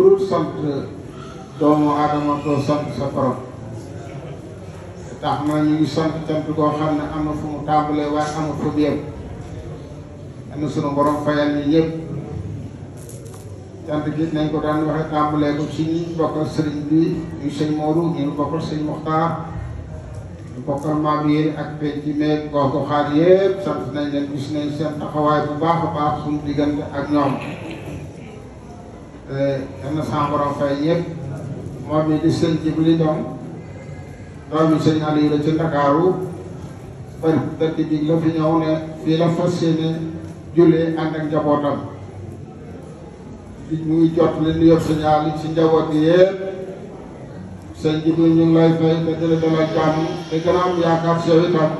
buru sampai doomu ada doo sampai sa borom tax na ñu ngi sant cant koo xam ne fu mu tàmbalee waaye am fu mu yem am borom fayal ñi ñëpp cant gi nañ ko daan waxe tàmbalee ko ci ñi bokkal sëriñ bi ñu sëñ Mooru ñu bokkal ñu bokkal ak xaar yal eh, na sama borom fay yëpp moom mi di sëñ Jibli Ndong doomi sëñ Aliou la ci Ndakaaru bër dëkk bi la fi ñëw ne fii la fas yéene jullee ànd ak njabootam mu ngi jot li nu yëpp sëñ Aliou ci njaboot gi yëpp sëñ Jibli ñu lay fay te dina te gën am yaakaar si yow itam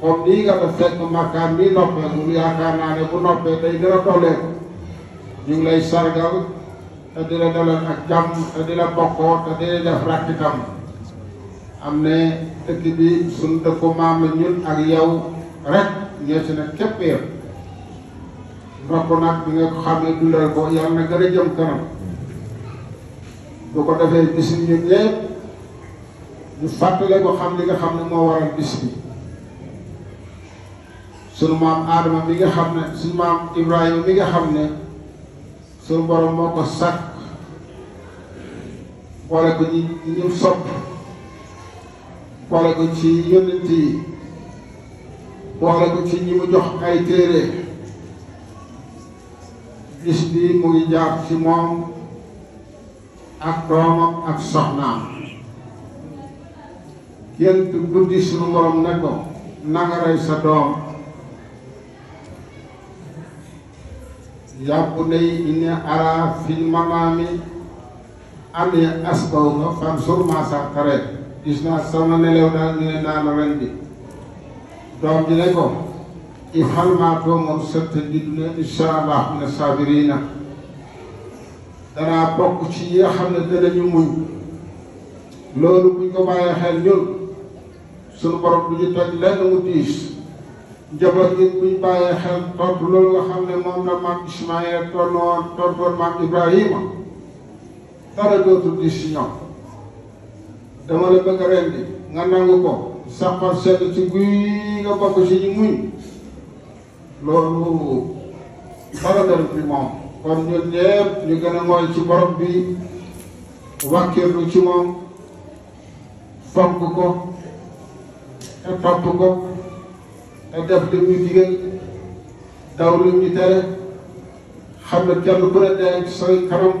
comme nii nga ko fekk màkkaan bi noppee mu yaakaar naa ne bu noppee day gën a ñu ngi lay sargal te di la dalal ak jàmm te di la bokkoo te di la def rakk itam am ne dëkk bi suñu dëkku maam la ñun ak yow rek ñoo ci nag képp yëpp ndokk nag bi nga xam ne dundal ko yàlla na gën a jëm kanam bu ko defee bis ñun ñëpp ñu fàttale ko xam li nga xam ne moo waral bis bi sunu maam Adama mi nga xam ne sunu maam Ibrahima mi nga xam ne suñu borom moo ko sàkk boole ko ñi ñu sopp boole ko ci yónnent yi boole ko ci ñi jox ay téere bis bi mu ngi jaar ci moom ak doomam ak soxnaam gént guddi suñu borom ne ko nanga rey sa doom yaa bunayya inni araa fil manaami annii asbahunka fanzur maazaa taraa gis naa sama nelaw naa ñu ne naa la rendi doom ji ne ko ifal maa tu'mar satajidunii inshaa Allah mina saabiriin danaa bokk ci yi nga xam ne danañu loolu buñ ko bàyyee xel ñun sunu borom du ñu toj lenn mu diis. njaboot gi buñ bàyyee xel tontu loolu xam ne moom la maam Ismaayil tontu woon tontu woon maam Ibrahima dara dootul di si ñoom dama la bëgg a rendi nga nangu ko sàppal sedd ci guy nga bokk ci ñu muñ loolu dara moom kon ñun ñëpp ñu gën ci borom bi wàkkirlu ci moom fonk ko te topp ko def li ñu xam ne kenn ku ne dee ci xam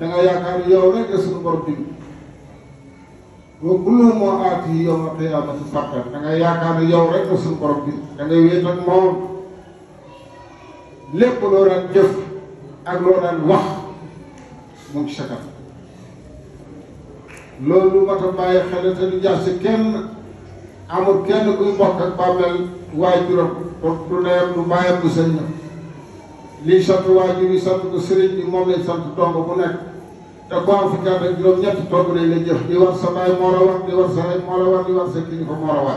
ne yaakaar yow rek la yow ma qiyaamati faqan yaakaar ne yow rek la suñu borom bi da ngay wéet ak moom lépp loo daan jëf ak loo daan wax mu ngi loolu lu mat a bàyyi xel te du jax si kenn amul kenn kuy bokk ak bàmmeel waajuram du ndeyam du bàyyam du sëñ na lii sant waajur yi sant ko sëriñ bi moom lañ sant dong bu nekk te ko am fi kàddu ak juróom ñetti togg nañ la jëf di war sa baay moo la di war sa rey moo la di war sa kilifa moo la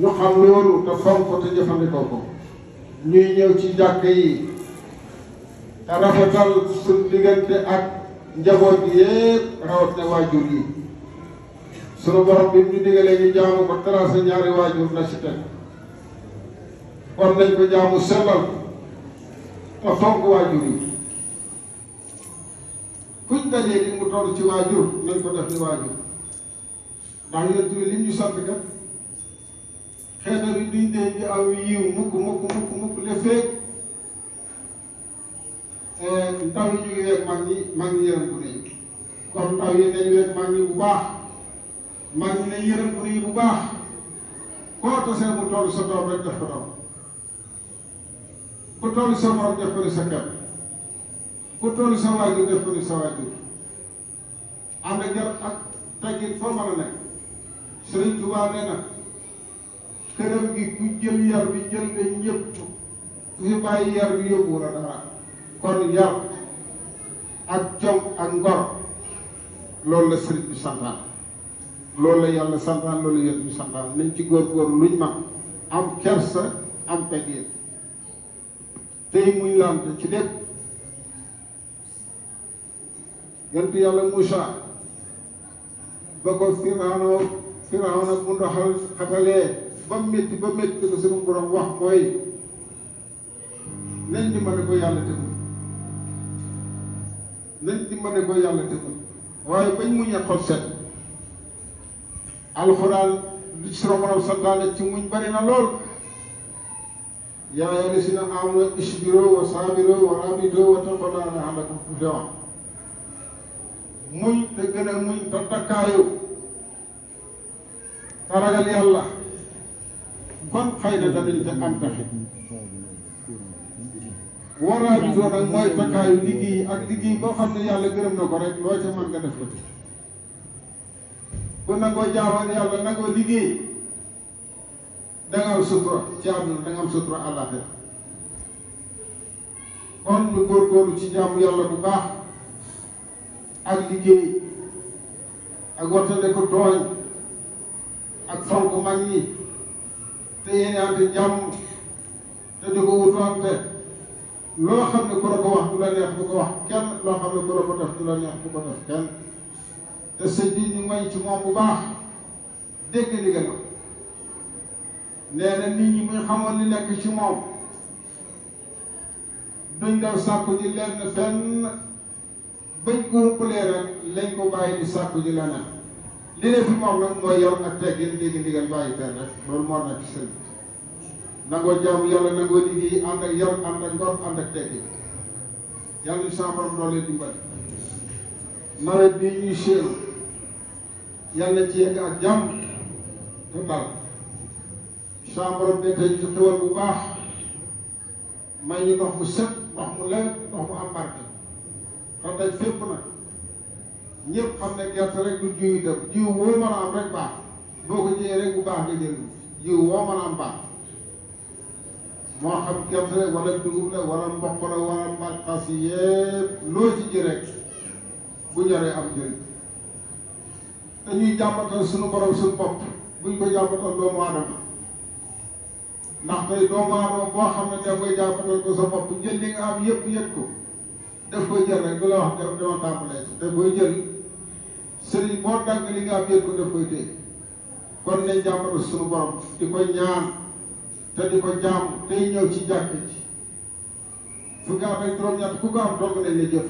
ñu xam loolu te fonk ko te jëfandikoo ko ñuy ñëw ci jàkk yi te rafetal suñ diggante ak njaboot gi yëpp rawat na waajur yi sunu borom bi ñu digalee ñu jaamu ko tracé ñaari waajur na ci teg war nañ ko jaamu sellal te fonk waajur yi kuñ dajee li mu toll ci waajur nañ ko def ni waajur ndax yonent bi li ñu sant kat xeetu bi duñ denc aw yiw mukk mukk mukk mukk ndaw yi ñu ngi rek mag ñi mag ñi yërëm gune yi kon ndaw yi nañu rek mag ñi bu baax mag ñi nañu yërëm gune bu baax koo tasee mu toll sa doom rek def ko doom ku toll sa morom def ko ni sa kër ku toll sa waajur def ko ni sa waajur ak foo mën a nekk Sëriñ Tuubaa nee na gi ku jël yar bi jël na ñëpp ku bàyyi yar bi yóbbu la dara kon yar ak jom ak ngor loolu la sëriñ bi santaan loolu la yàlla santaan loolu la yàlla santaan nañ ci góorgóorlu luñ mag am kersa am peggéen tey muñ lante ci lépp yonent yàlla Moussa ba ko Firawna Firawna bu ndoxal ba métti ba métti ko suñu borom wax mooy nañ di mën a ko yàlla te nañ dimbale ko yàlla defal waaye bañ muñ a xol set alxuraan li ci romaraw santaane ci muñ bari na lool yaa ayyuhaa llaziina aamanuu isbiruu wa saabiruu wa raabituu wattaqu llaaha la'allakum tuflihuun muñ te gën a muñ te takkaayu te ragal yàlla kon xëy na danañ te am taxit waraab yi soo nag mooy takkaayu liggéey ak liggéey boo xam ne yàlla gërëm na ko rek loo ca mën nga def ko ci bu nangoo jaamoon yàlla nangoo liggéey danga am sutura ci àdduna danga am sutura àllaaxira kon ñu góorgóorlu ci jaamu yàlla bu baax ak liggéey ak wattale ko tooñ ak fonk mag ñi te yéenaante jàmm te di ko wutoonte loo xam ne ku la ko wax bu la neex bu ko wax kenn loo xam ne ku la ko def du la neex du ko def kenn te sëñ bi ñu ngoy ci moom bu baax dégg ndigal la na nit ñi muy xamoon li nekk ci moom duñ daw sàkku ji ko humpulee rek lañ ko bàyyi di sàkku ji leneen li ne moom nag mooy yor ak teggin dégg ndigal bàyyi fen rek loolu moo nekk sëñ nango jam yalla nango liggéey ànd ak yar ànd ak ngor ànd ak teggi yàlla ñu saa borom doole dimbali nawet bii ñuy séenu yàlla ci yegg ak jàmm te sa borom de tey ci tawal bu baax may ñu ndox bu sepp ndox bu leer ndox bu am barke te daj fépp nag ñepp xam ne gerte rek du jiw dem jiw mo mën am rek baax boko ko rek bu baax nga jël jiw mo mën am baax moo xam gerte la wala dugub la wala mboq la wala bànqaas yépp loo ci ji rek bu ñoree am njëriñ dañuy jàmbatal suñu borom suñu bopp buñ ko jàmbatal doomu aadama ndax tey doomu aadama boo xam ne da koy jàmbatal ko sa bopp njël li nga am yëpp yëg ko daf koy jël rek bu la wax def dama tàmbalee te jël sëriñ dagg li nga am yëg ko daf koy téye kon nañ suñu borom di ñaan te di ko jaamu tey ñëw ci jàkk ji fukki at ak juróom-ñett ku ko am togg nañ la jëf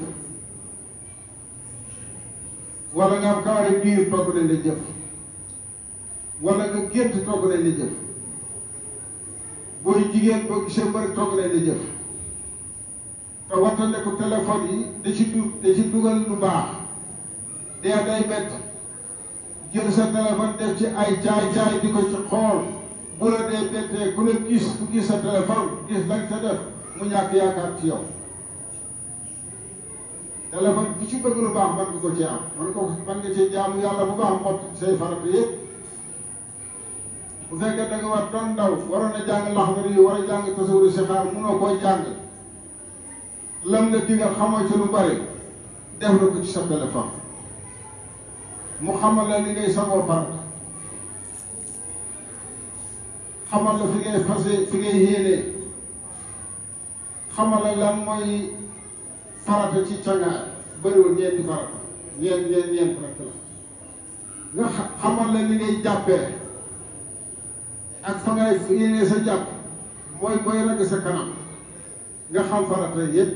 wala nga am kaari biir togg nañ la jëf wala nga gént togg nañ la jëf booy jigéen boo gisee mbër togg nañ la jëf te wattale ko téléphone yi da ci du dugal lu baax dee day bett jël sa téléphone def ci ay caay caay di ko ci xool bu la dee bettee ku ne gis ku gis sa téléphone gis lañ sa def mu ñàkk yaakaar ci yow téléphone bi ci bëgg lu baax man nga ko ci am man ko man nga ci jaamu yàlla bu baax mot say farata yëpp bu fekkee da nga war doon ndaw waroon a jàng laxdari yi a jàng tasawuru munoo koy jàng lam la digal xamoo ci lu bari def na ko ci sa téléphone mu xamal la li ngay sagoo farata xamal la fi ngay fase fi ngay yéene xamal la lan mooy farata ci cangaay bëriwul ñeenti farata ñeent ñeent ñeent rek la nga xamal la ni ngay jàppee ak fa ngay yéene sa jàpp mooy koy ragg sa kanam nga xam farata yépp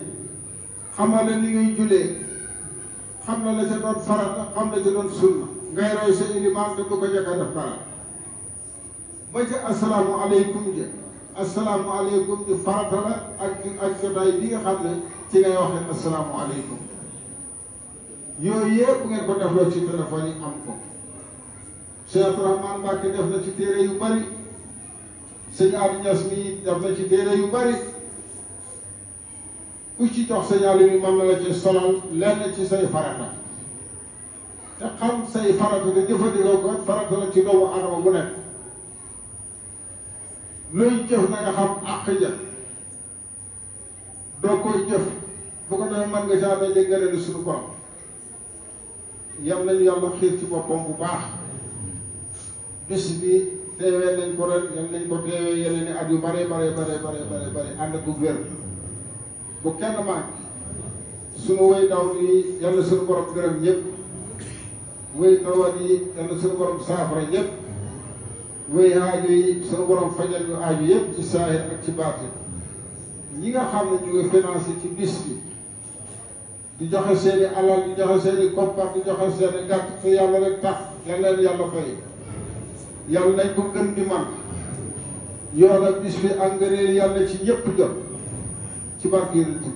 xamal la ni ngay julee xam na la ca doon farata xam na ca doon sunna ngay roy sa ilimaan te ko jëkk a def dara ba ca asalaamualeykum ja di farata ak ak jotaay bi nga ci ngay wax ne asalaamualeykum yooyu yëpp ngeen ko defloo ci téléphone am ko Cheikh Abdourahmane Mbacke def na ci téere yu bari sëñ Abdou Niass def na ci téere yu bari ku ci jox signal yi moom la ci ci say farata te xam say farata te jëfandikoo ko farata la ci doomu adama bu nekk looy jëf na nga xam àq ja doo koy jëf bu ko defee mën nga saa amee jëg ngëneelu suñu borom yam nañu yàlla xiir ci boppam bu baax bis bi teewee nañ ko ren yam nañ ko teewee yeneen i at yu bare bare bare bare bare bare ànd ak wér bu kenn maag suñu woy daw nii yàlla suñu borom gërëm ñëpp woy dawat yi yàlla suñu borom saafara ñëpp wéy aajo yi sunu borom fajal ñu aajo yëpp ci saahir ak ci baatin ñi nga xam ne ñu ngi financé ci bis bi di joxe seeni i alal di joxe seen i koppar di joxe seen i gàtt te yàlla rek tax lan leen yàlla yàlla nañ ko gën di man yoon ak bis bi engrais yàlla ci ñëpp jot ci barke Yonent bi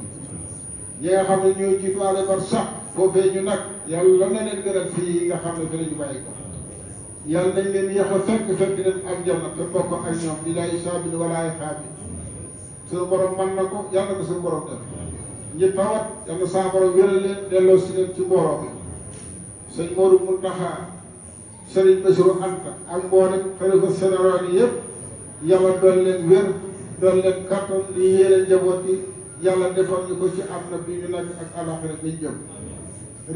ñi nga xam ne ñoo jiitu àll bar sax foofee ñu nag yàlla na leen gënal fii yi nga xam ne fi la bàyyi ko. yàlla dañ leen yéex a fekk fekk leen ak janna te bokk ak ñoom di lay saabil walaay xaabil suñu borom man na ko yàlla ko suñu borom def ñi tawat yàlla saa borom wéral leen delloo si leen ci mbooloo bi sëñ Modou Mountakha Serigne Bassirou Anta ak mboolem xalifa général yi yëpp yàlla doon leen wér doon leen kàttan li yéene njaboot yi yàlla defal ñu ko ci am na bi ñu nekk ak alaxira bi ñu jëm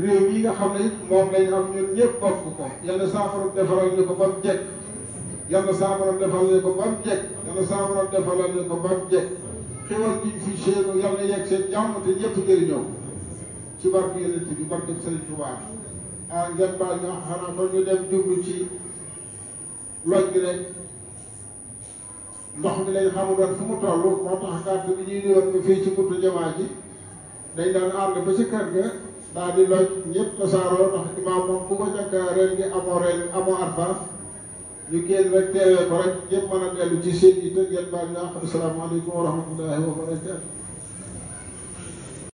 réew yi nga xam ne moom lañ am ñun ñëpp bokk ko yàlla saa defaral ñu ko ba mu jekk yàlla saa defaral ñu ko ba mu jekk yàlla saa borom defaral ñu ko ba mu jekk yegg seen jàmm te ñëpp jëriñoo ci barke yonent bi barke Sëriñ Tuubaa ah ba ñu dem jublu ci loj gi rek ndox mi lañ xamuloon fu mu toll moo tax gàtt bi ñuy ñëwoon ba fii ci buntu jamaa ji dañ daan ànd ba ci kër ga. daa di loj ñëpp tasaaroo ndax imaam moom ku ko jàkka ren gi amoo ren amoo advance ñu génn rek teewee ko rek ñëpp mën a dellu ci seen yi te ngeen baal ñu asalaamaaleykum wa rahmatullahi wa barakatu